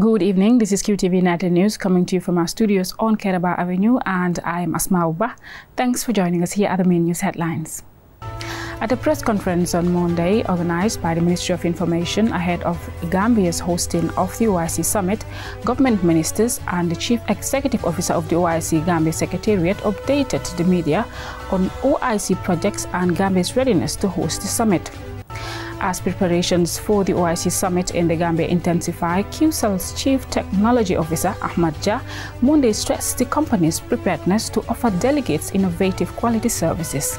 Good evening. This is QTV United News coming to you from our studios on Keraba Avenue, and I'm Asma Uba. Thanks for joining us here at the main news headlines. At a press conference on Monday, organized by the Ministry of Information ahead of Gambia's hosting of the OIC Summit, government ministers and the Chief Executive Officer of the OIC Gambia Secretariat updated the media on OIC projects and Gambia's readiness to host the summit. As preparations for the OIC summit in the Gambia intensify, QCell's Chief Technology Officer Ahmad Jah Monday stressed the company's preparedness to offer delegates innovative quality services.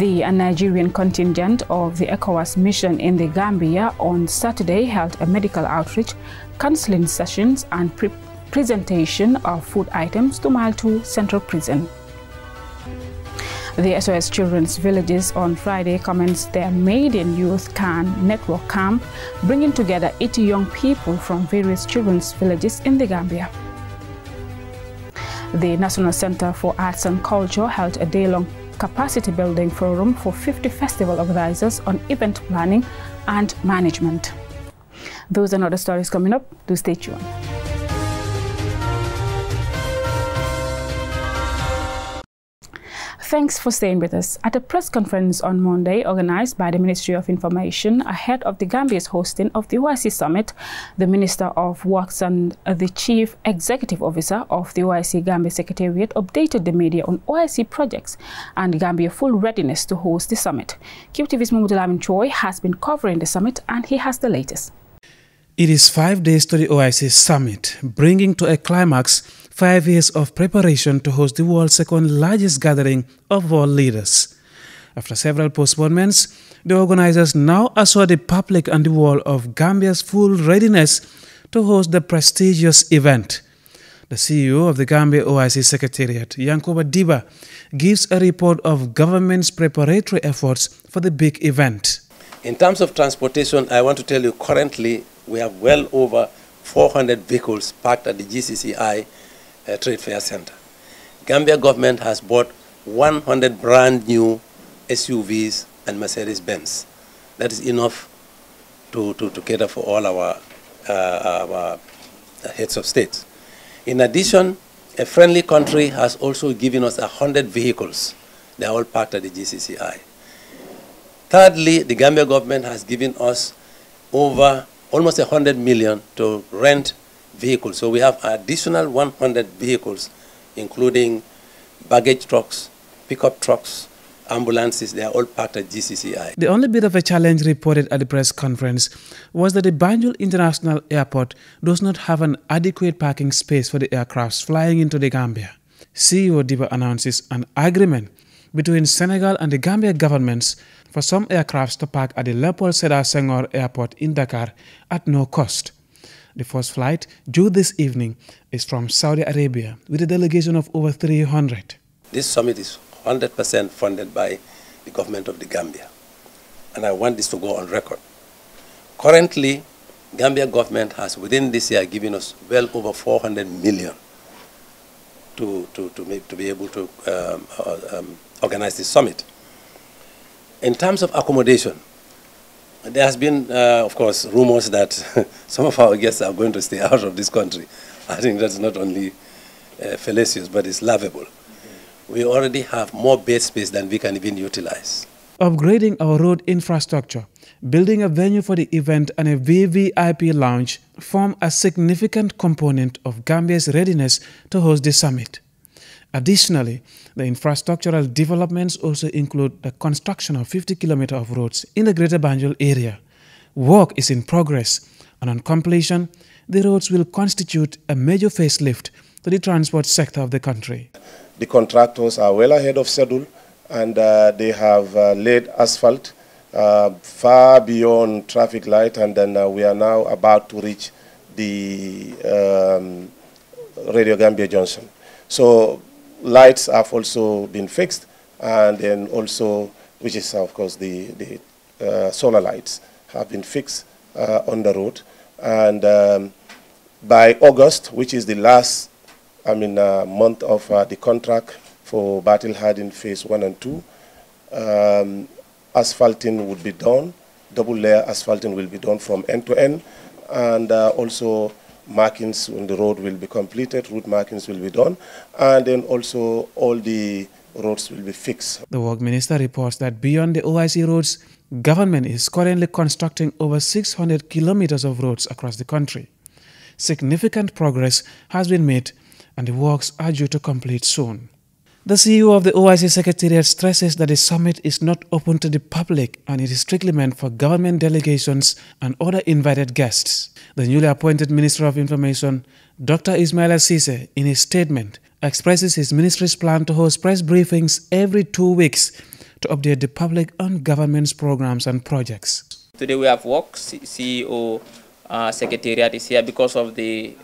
The Nigerian contingent of the ECOWAS mission in the Gambia on Saturday held a medical outreach, counseling sessions and pre presentation of food items to Mile 2 Central Prison. The SOS Children's Villages on Friday commenced their maiden youth camp network camp, bringing together 80 young people from various children's villages in the Gambia. The National Center for Arts and Culture held a day-long capacity building forum for 50 festival organizers on event planning and management. Those and other stories coming up, do stay tuned. Thanks for staying with us. At a press conference on Monday organized by the Ministry of Information ahead of the Gambia's hosting of the OIC Summit, the Minister of Works and uh, the Chief Executive Officer of the OIC Gambia Secretariat updated the media on OIC projects and Gambia's full readiness to host the summit. QTV's Mumudulamin Choi has been covering the summit and he has the latest. It is five days to the OIC Summit, bringing to a climax five years of preparation to host the world's second largest gathering of world leaders. After several postponements, the organizers now assure the public and the world of Gambia's full readiness to host the prestigious event. The CEO of the Gambia OIC Secretariat, Yankoba Diba, gives a report of government's preparatory efforts for the big event. In terms of transportation, I want to tell you currently we have well over 400 vehicles parked at the GCCI uh, Trade Fair Center. Gambia government has bought 100 brand new SUVs and Mercedes-Benz. That is enough to, to, to cater for all our, uh, our uh, heads of state. In addition, a friendly country has also given us 100 vehicles. They are all parked at the GCCI. Thirdly, the Gambia government has given us over almost 100 million to rent vehicles. So we have additional 100 vehicles, including baggage trucks, pickup trucks, ambulances, they are all parked at GCCI. The only bit of a challenge reported at the press conference was that the Banjul International Airport does not have an adequate parking space for the aircrafts flying into the Gambia. CEO Diba announces an agreement between Senegal and the Gambia governments for some aircrafts to park at the Leopold Sedar Senghor Airport in Dakar at no cost. The first flight, due this evening, is from Saudi Arabia with a delegation of over 300. This summit is 100% funded by the government of the Gambia. And I want this to go on record. Currently, Gambia government has within this year given us well over 400 million to, to, to, make, to be able to um, uh, um, organize this summit. In terms of accommodation, there has been, uh, of course, rumors that some of our guests are going to stay out of this country. I think that's not only uh, fallacious, but it's laughable. We already have more base space than we can even utilize. Upgrading our road infrastructure, building a venue for the event and a VVIP lounge form a significant component of Gambia's readiness to host the summit. Additionally, the infrastructural developments also include the construction of 50 kilometers of roads in the Greater Banjul area. Work is in progress, and on completion, the roads will constitute a major facelift to the transport sector of the country. The contractors are well ahead of schedule, and uh, they have uh, laid asphalt uh, far beyond traffic light, and then uh, we are now about to reach the um, Radio Gambia Johnson. So lights have also been fixed, and then also, which is of course the, the uh, solar lights have been fixed uh, on the road. And um, by August, which is the last, I mean, uh, month of uh, the contract for battle hardening phase one and two, um, asphalting would be done, double layer asphalting will be done from end to end, and uh, also markings on the road will be completed, route markings will be done, and then also all the roads will be fixed. The work minister reports that beyond the OIC roads, government is currently constructing over 600 kilometers of roads across the country. Significant progress has been made and the works are due to complete soon. The CEO of the OIC Secretariat stresses that the summit is not open to the public and it is strictly meant for government delegations and other invited guests. The newly appointed Minister of Information, Dr. Ismail Assise, in his statement, expresses his ministry's plan to host press briefings every two weeks to update the public on government's programs and projects. Today we have work, CEO uh, Secretariat is here because of the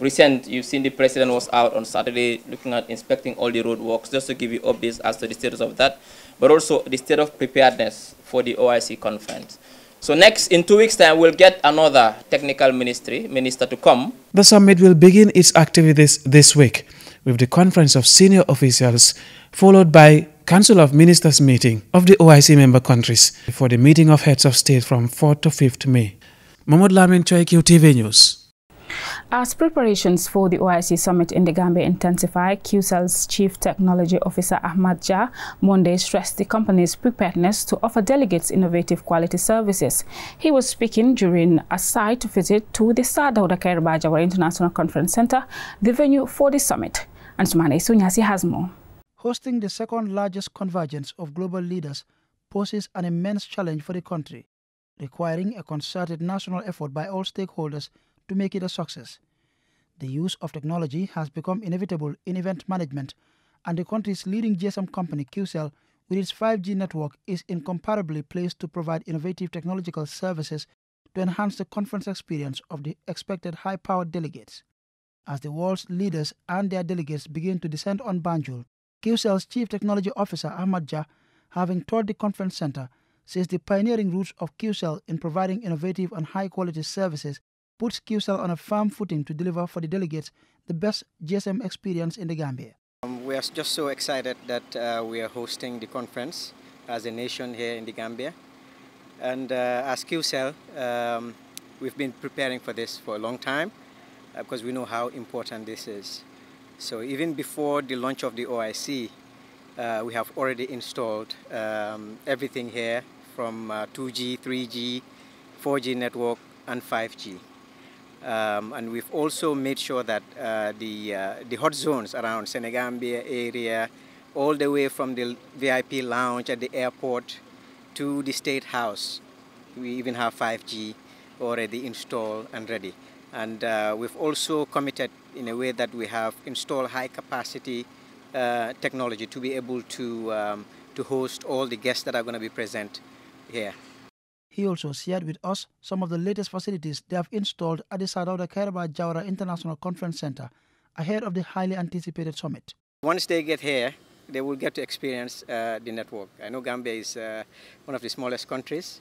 recent, you've seen the president was out on Saturday looking at inspecting all the roadworks, just to give you updates as to the status of that, but also the state of preparedness for the OIC conference. So next, in two weeks' time, we'll get another technical ministry minister to come. The summit will begin its activities this week with the conference of senior officials, followed by Council of Ministers meeting of the OIC member countries for the meeting of heads of state from 4th to 5th May. Mahmoud Lamin QTV News. As preparations for the OIC summit in the Gambia intensify, QCell's Chief Technology Officer Ahmad Jah Monday stressed the company's preparedness to offer delegates innovative quality services. He was speaking during a site visit to the Sadauda Kairabajawara International Conference Center, the venue for the summit. And Sumane Sunyasi has more. Hosting the second largest convergence of global leaders poses an immense challenge for the country, requiring a concerted national effort by all stakeholders – to make it a success. The use of technology has become inevitable in event management, and the country's leading GSM company, QCell, with its 5G network, is incomparably placed to provide innovative technological services to enhance the conference experience of the expected high powered delegates. As the world's leaders and their delegates begin to descend on Banjul, QCell's Chief Technology Officer Ahmad Jah, having toured the conference center, says the pioneering roots of QCell in providing innovative and high quality services put QCell on a firm footing to deliver for the delegates the best GSM experience in the Gambia. Um, we are just so excited that uh, we are hosting the conference as a nation here in the Gambia. And uh, as QCell, um, we've been preparing for this for a long time uh, because we know how important this is. So even before the launch of the OIC, uh, we have already installed um, everything here from uh, 2G, 3G, 4G network and 5G. Um, and we've also made sure that uh, the, uh, the hot zones around Senegambia area, all the way from the VIP lounge at the airport to the state house, we even have 5G already installed and ready. And uh, we've also committed in a way that we have installed high capacity uh, technology to be able to, um, to host all the guests that are going to be present here. He also shared with us some of the latest facilities they have installed at the Sadauda Karabakh Jawara International Conference Center ahead of the highly anticipated summit. Once they get here, they will get to experience uh, the network. I know Gambia is uh, one of the smallest countries,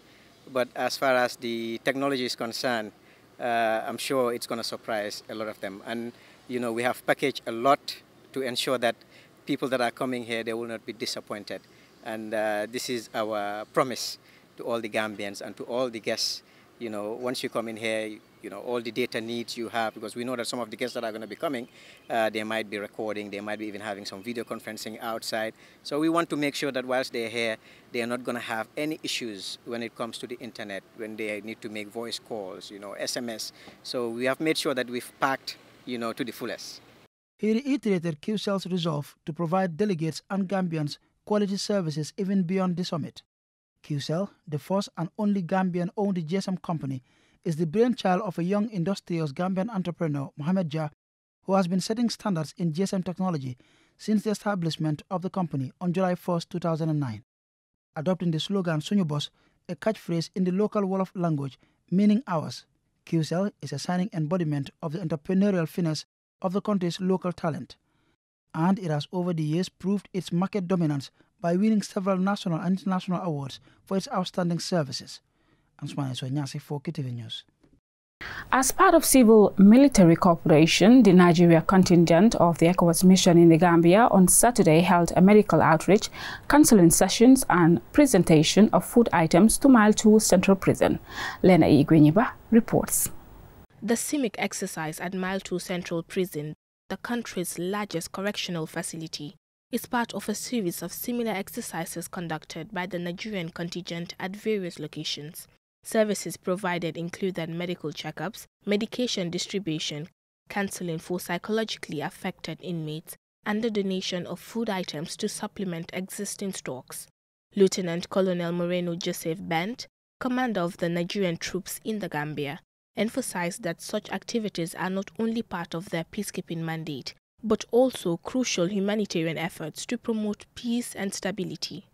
but as far as the technology is concerned, uh, I'm sure it's going to surprise a lot of them. And, you know, we have packaged a lot to ensure that people that are coming here, they will not be disappointed. And uh, this is our promise to all the Gambians and to all the guests. You know, once you come in here, you know, all the data needs you have, because we know that some of the guests that are going to be coming, uh, they might be recording, they might be even having some video conferencing outside. So we want to make sure that whilst they're here, they are not going to have any issues when it comes to the internet, when they need to make voice calls, you know, SMS. So we have made sure that we've packed, you know, to the fullest. He reiterated QCell's resolve to provide delegates and Gambians quality services even beyond the summit. QCell, the first and only Gambian owned GSM company, is the brainchild of a young industrious Gambian entrepreneur, Mohamed Jah, who has been setting standards in GSM technology since the establishment of the company on July 1, 2009. Adopting the slogan Sunyubos, a catchphrase in the local Wolof language meaning ours, QCell is a shining embodiment of the entrepreneurial finesse of the country's local talent. And it has over the years proved its market dominance by winning several national and international awards for its outstanding services. Answane Sonyasi for KTV News. As part of civil military cooperation, the Nigeria contingent of the ECOWAS mission in the Gambia on Saturday held a medical outreach, counseling sessions and presentation of food items to Mile 2 Central Prison. Lena Igwinyiba reports. The CIMIC exercise at Mile 2 Central Prison, the country's largest correctional facility, is part of a series of similar exercises conducted by the Nigerian contingent at various locations. Services provided included medical checkups, medication distribution, counseling for psychologically affected inmates, and the donation of food items to supplement existing stocks. Lieutenant Colonel Moreno Joseph Bent, commander of the Nigerian troops in the Gambia, emphasized that such activities are not only part of their peacekeeping mandate, but also crucial humanitarian efforts to promote peace and stability.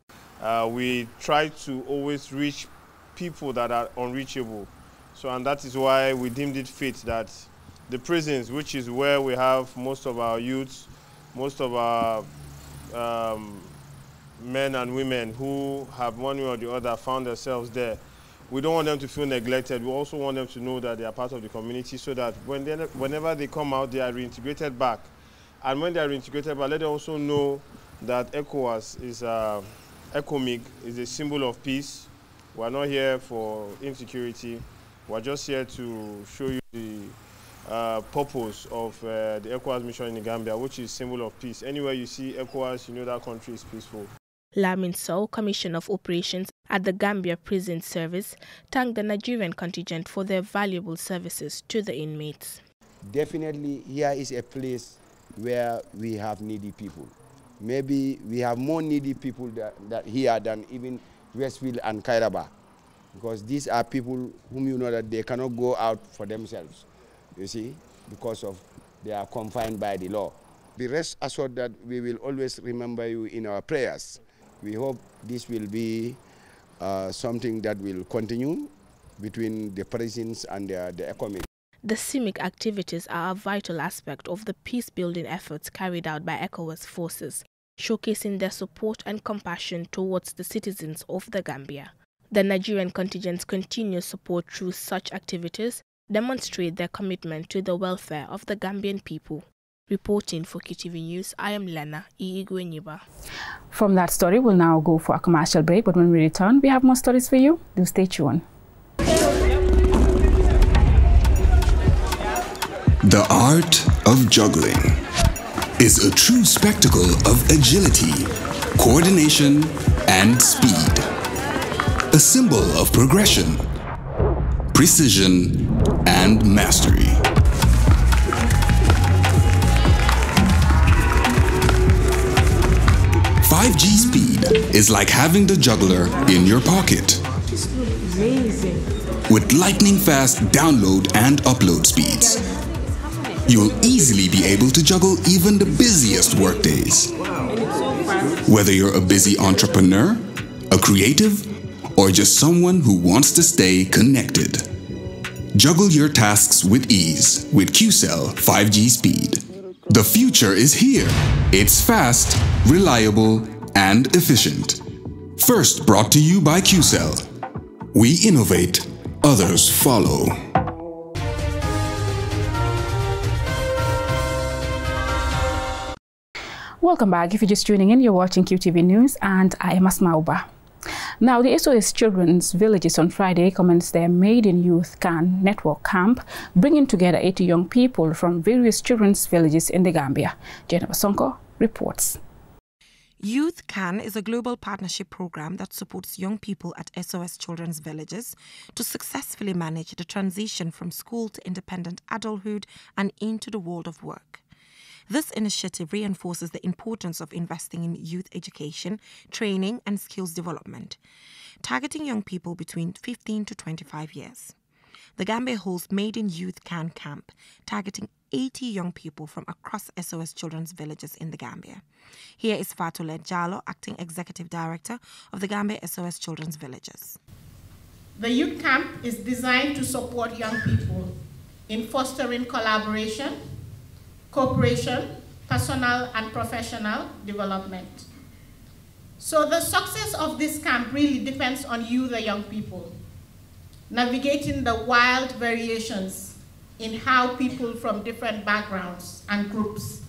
Uh, we try to always reach people that are unreachable. So, and that is why we deemed it fit that the prisons, which is where we have most of our youths, most of our um, men and women who have one way or the other found themselves there, we don't want them to feel neglected. We also want them to know that they are part of the community so that when they, whenever they come out, they are reintegrated back and when they are integrated, but let them also know that ECOWAS is a, uh, ECOMIG is a symbol of peace. We are not here for insecurity. We are just here to show you the uh, purpose of uh, the ECOWAS mission in the Gambia, which is symbol of peace. Anywhere you see ECOWAS, you know that country is peaceful. Lamin Sow, Commissioner of Operations at the Gambia Prison Service, thanked the Nigerian contingent for their valuable services to the inmates. Definitely, here is a place where we have needy people. Maybe we have more needy people that, that here than even Westfield and Kairaba, because these are people whom you know that they cannot go out for themselves, you see, because of they are confined by the law. Be rest assured that we will always remember you in our prayers. We hope this will be uh, something that will continue between the prisons and the, the economy. The CIMIC activities are a vital aspect of the peace-building efforts carried out by ECOWAS forces, showcasing their support and compassion towards the citizens of the Gambia. The Nigerian contingent's continuous support through such activities demonstrate their commitment to the welfare of the Gambian people. Reporting for KTV News, I am Lena Iigwenyiba. From that story, we'll now go for a commercial break, but when we return, we have more stories for you. Do stay tuned. The art of juggling is a true spectacle of agility, coordination, and speed. A symbol of progression, precision, and mastery. Five G speed is like having the juggler in your pocket. With lightning fast download and upload speeds you will easily be able to juggle even the busiest workdays. Whether you're a busy entrepreneur, a creative, or just someone who wants to stay connected. Juggle your tasks with ease with QCell 5G speed. The future is here. It's fast, reliable, and efficient. First brought to you by QCell. We innovate, others follow. Welcome back. If you're just tuning in, you're watching QTV News and I am Asma Uba. Now, the SOS Children's Villages on Friday commenced their Maiden Youth Can Network Camp, bringing together 80 young people from various children's villages in the Gambia. Jennifer Sonko reports. Youth Can is a global partnership program that supports young people at SOS Children's Villages to successfully manage the transition from school to independent adulthood and into the world of work. This initiative reinforces the importance of investing in youth education, training, and skills development, targeting young people between 15 to 25 years. The Gambia holds Maiden Youth Can Camp, targeting 80 young people from across SOS Children's Villages in the Gambia. Here is Fatule Jalo, Acting Executive Director of the Gambia SOS Children's Villages. The youth camp is designed to support young people in fostering collaboration, cooperation, personal and professional development. So the success of this camp really depends on you, the young people, navigating the wild variations in how people from different backgrounds and groups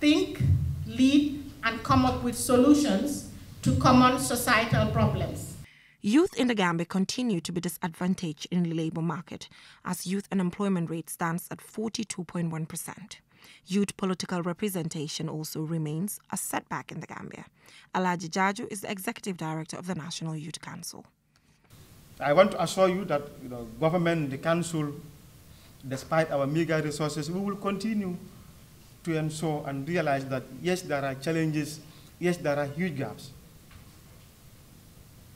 think, lead, and come up with solutions to common societal problems. Youth in the Gambia continue to be disadvantaged in the labour market as youth unemployment rate stands at 42.1%. Youth political representation also remains a setback in the Gambia. Alaji Jaju is the executive director of the National Youth Council. I want to assure you that you know, government, the council, despite our meager resources, we will continue to ensure and realize that yes, there are challenges, yes, there are huge gaps,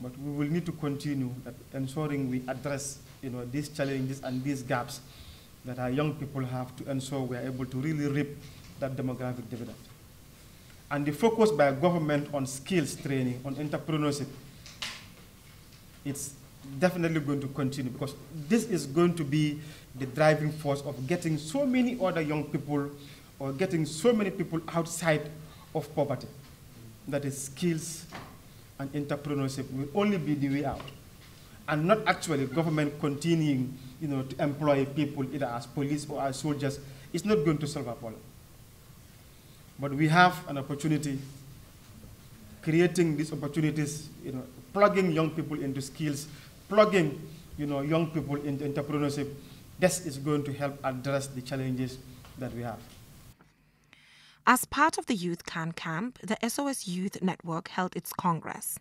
but we will need to continue ensuring we address you know, these challenges and these gaps that our young people have to ensure we are able to really reap that demographic dividend. And the focus by government on skills training, on entrepreneurship, it's definitely going to continue because this is going to be the driving force of getting so many other young people or getting so many people outside of poverty. That is skills and entrepreneurship will only be the way out and not actually government continuing you know, to employ people either as police or as soldiers, it's not going to solve our problem. But we have an opportunity, creating these opportunities, you know, plugging young people into skills, plugging you know, young people into entrepreneurship. This is going to help address the challenges that we have. As part of the Youth Can Camp, the SOS Youth Network held its Congress.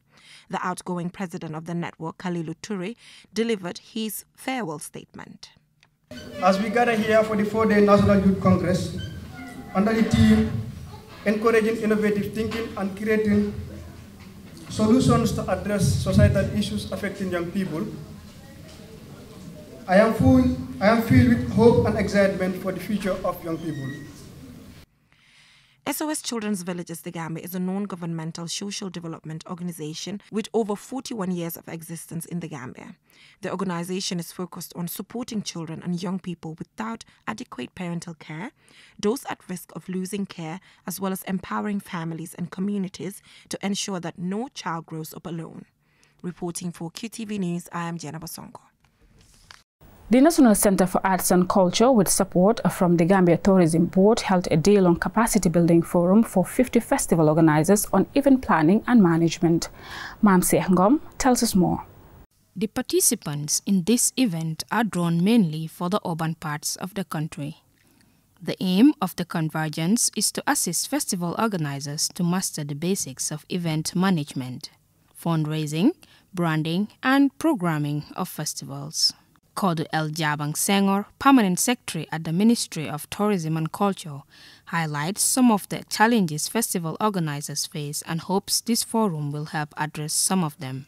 The outgoing president of the network, Khalilu Turi, delivered his farewell statement. As we gather here for the four-day National Youth Congress, under the theme encouraging innovative thinking and creating solutions to address societal issues affecting young people, I am, full, I am filled with hope and excitement for the future of young people. SOS Children's Villages the Gambia is a non governmental social development organization with over 41 years of existence in the Gambia. The organization is focused on supporting children and young people without adequate parental care, those at risk of losing care, as well as empowering families and communities to ensure that no child grows up alone. Reporting for QTV News, I am Jenna Basongo. The National Center for Arts and Culture, with support from the Gambia Tourism Board, held a day-long capacity building forum for 50 festival organizers on event planning and management. Mamsi Ngom tells us more. The participants in this event are drawn mainly for the urban parts of the country. The aim of the convergence is to assist festival organizers to master the basics of event management, fundraising, branding, and programming of festivals. Kodu El Jabang Sengor, Permanent Secretary at the Ministry of Tourism and Culture, highlights some of the challenges festival organizers face and hopes this forum will help address some of them.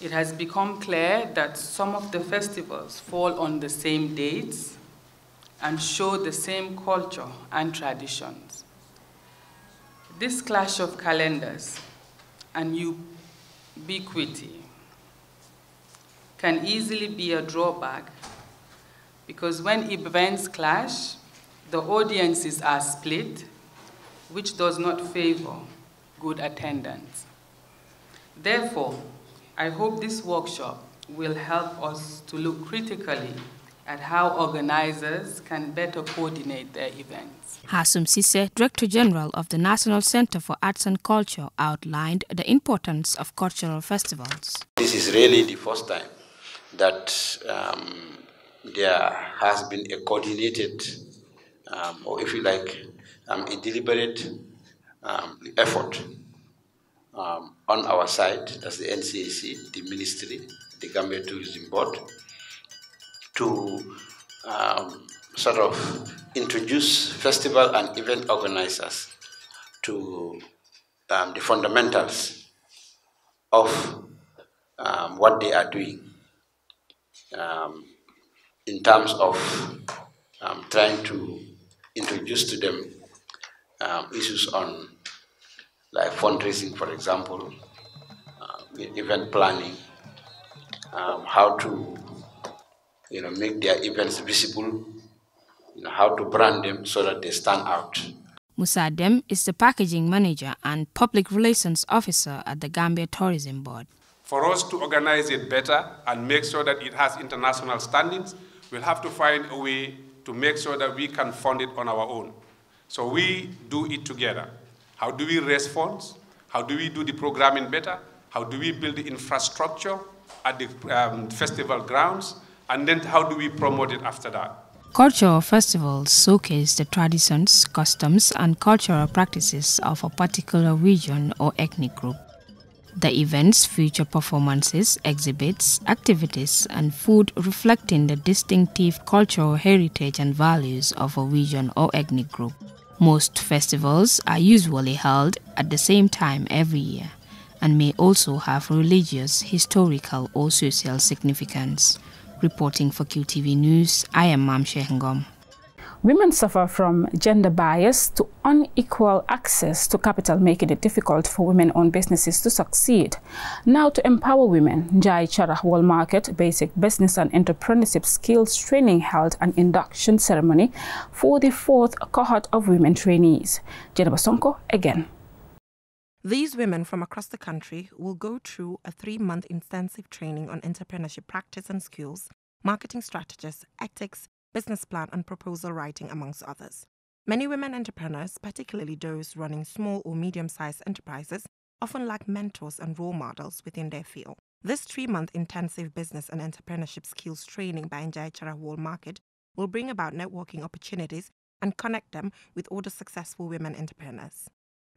It has become clear that some of the festivals fall on the same dates and show the same culture and traditions. This clash of calendars and ubiquity can easily be a drawback because when events clash, the audiences are split, which does not favor good attendance. Therefore, I hope this workshop will help us to look critically at how organizers can better coordinate their events. Hasum Sise, Director General of the National Center for Arts and Culture, outlined the importance of cultural festivals. This is really the first time that um, there has been a coordinated, um, or if you like, um, a deliberate um, effort um, on our side, as the NCAC, the ministry, the Gambia Tourism Board, to um, sort of introduce festival and event organizers to the fundamentals of what they are doing um, in terms of um, trying to introduce to them um, issues on like fundraising, for example, uh, event planning, um, how to you know make their events visible, you know, how to brand them so that they stand out. Musa Dem is the packaging manager and public relations officer at the Gambia Tourism Board. For us to organize it better and make sure that it has international standings, we'll have to find a way to make sure that we can fund it on our own. So we do it together. How do we raise funds? How do we do the programming better? How do we build the infrastructure at the um, festival grounds? And then how do we promote it after that? Cultural festivals showcase the traditions, customs, and cultural practices of a particular region or ethnic group. The events feature performances, exhibits, activities, and food reflecting the distinctive cultural heritage and values of a region or ethnic group. Most festivals are usually held at the same time every year and may also have religious, historical, or social significance. Reporting for QTV News, I am Mam Shehengom. Women suffer from gender bias to unequal access to capital, making it difficult for women-owned businesses to succeed. Now to empower women, Jai Charah World Market Basic Business and Entrepreneurship Skills Training held an induction ceremony for the fourth cohort of women trainees. Jennifer Sonko again. These women from across the country will go through a three month intensive training on entrepreneurship practice and skills, marketing strategies, ethics, business plan, and proposal writing, amongst others. Many women entrepreneurs, particularly those running small or medium sized enterprises, often lack mentors and role models within their field. This three month intensive business and entrepreneurship skills training by Njaichara World Market will bring about networking opportunities and connect them with other successful women entrepreneurs.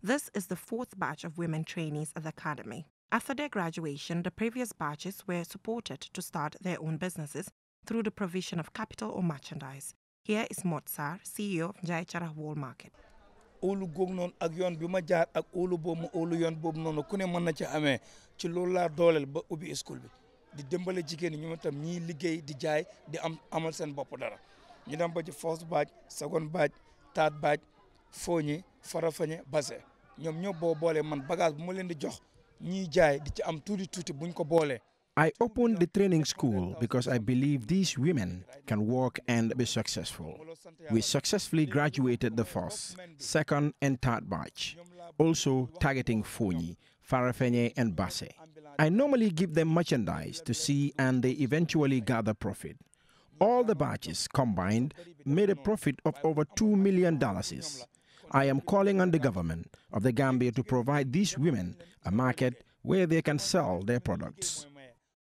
This is the fourth batch of women trainees at the academy. After their graduation, the previous batches were supported to start their own businesses through the provision of capital or merchandise. Here is Motsar, CEO of Jaichara Wall Market. óolu góog noonu ak yoon bi ma jaar ak óolu boobu ma óolu yoon boobu noonu ku ne mën na ci amee ci loolu laa dooleel ba ubbi school bi di dimbale jigéen ñi ma tam ñii liggéey di jaay di am amal seen boppu dara ñu dem ba ci first batch second baaj third baaj fooñi farafañe base ñoom ñoo boo boolee man bagage bu ma leen di jox ñiy jaay di ci am tuuti tuuti buñ ko boolee I opened the training school because I believe these women can work and be successful. We successfully graduated the first, second, and third batch, also targeting Fonyi, Farafenye, and Basse. I normally give them merchandise to see and they eventually gather profit. All the batches combined made a profit of over $2 million. I am calling on the government of the Gambia to provide these women a market where they can sell their products.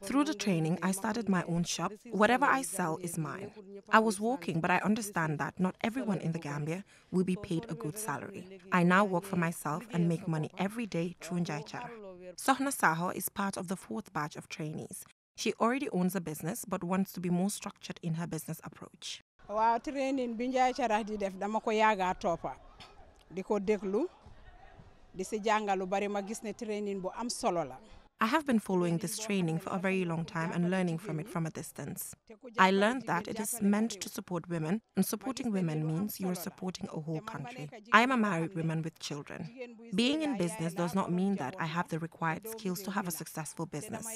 Through the training, I started my own shop. Whatever I sell is mine. I was working, but I understand that not everyone in the Gambia will be paid a good salary. I now work for myself and make money every day through Njaichara. Sohna Saho is part of the fourth batch of trainees. She already owns a business but wants to be more structured in her business approach. training training am solo I have been following this training for a very long time and learning from it from a distance. I learned that it is meant to support women, and supporting women means you are supporting a whole country. I am a married woman with children. Being in business does not mean that I have the required skills to have a successful business.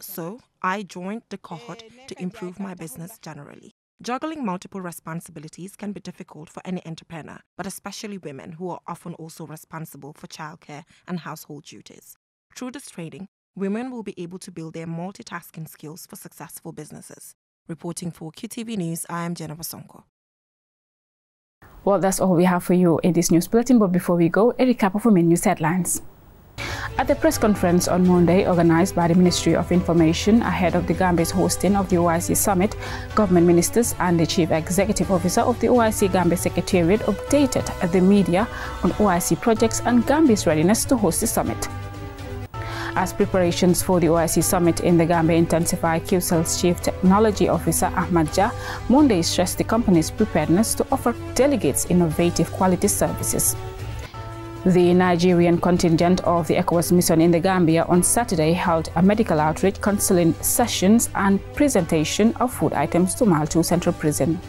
So, I joined the cohort to improve my business generally. Juggling multiple responsibilities can be difficult for any entrepreneur, but especially women who are often also responsible for childcare and household duties. Through this training, women will be able to build their multitasking skills for successful businesses. Reporting for QTV News, I am Jennifer Sonko. Well, that's all we have for you in this news bulletin, but before we go, a recap of women news headlines. At the press conference on Monday, organized by the Ministry of Information ahead of the Gambia's hosting of the OIC Summit, government ministers and the chief executive officer of the OIC Gambia Secretariat updated the media on OIC projects and Gambia's readiness to host the summit. As preparations for the OIC summit in the Gambia intensify, QCell's Chief Technology Officer Ahmad Jah Monday stressed the company's preparedness to offer delegates innovative quality services. The Nigerian contingent of the ECOWAS mission in the Gambia on Saturday held a medical outreach counseling sessions and presentation of food items to Maltu Central Prison.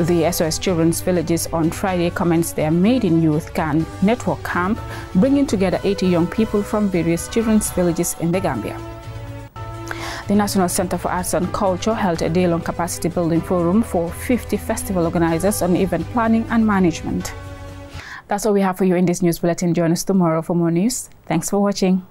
The SOS Children's Villages on Friday commenced their Made in Youth Can Network Camp, bringing together 80 young people from various children's villages in the Gambia. The National Center for Arts and Culture held a day-long capacity building forum for 50 festival organizers on event planning and management. That's all we have for you in this news bulletin. Join us tomorrow for more news. Thanks for watching.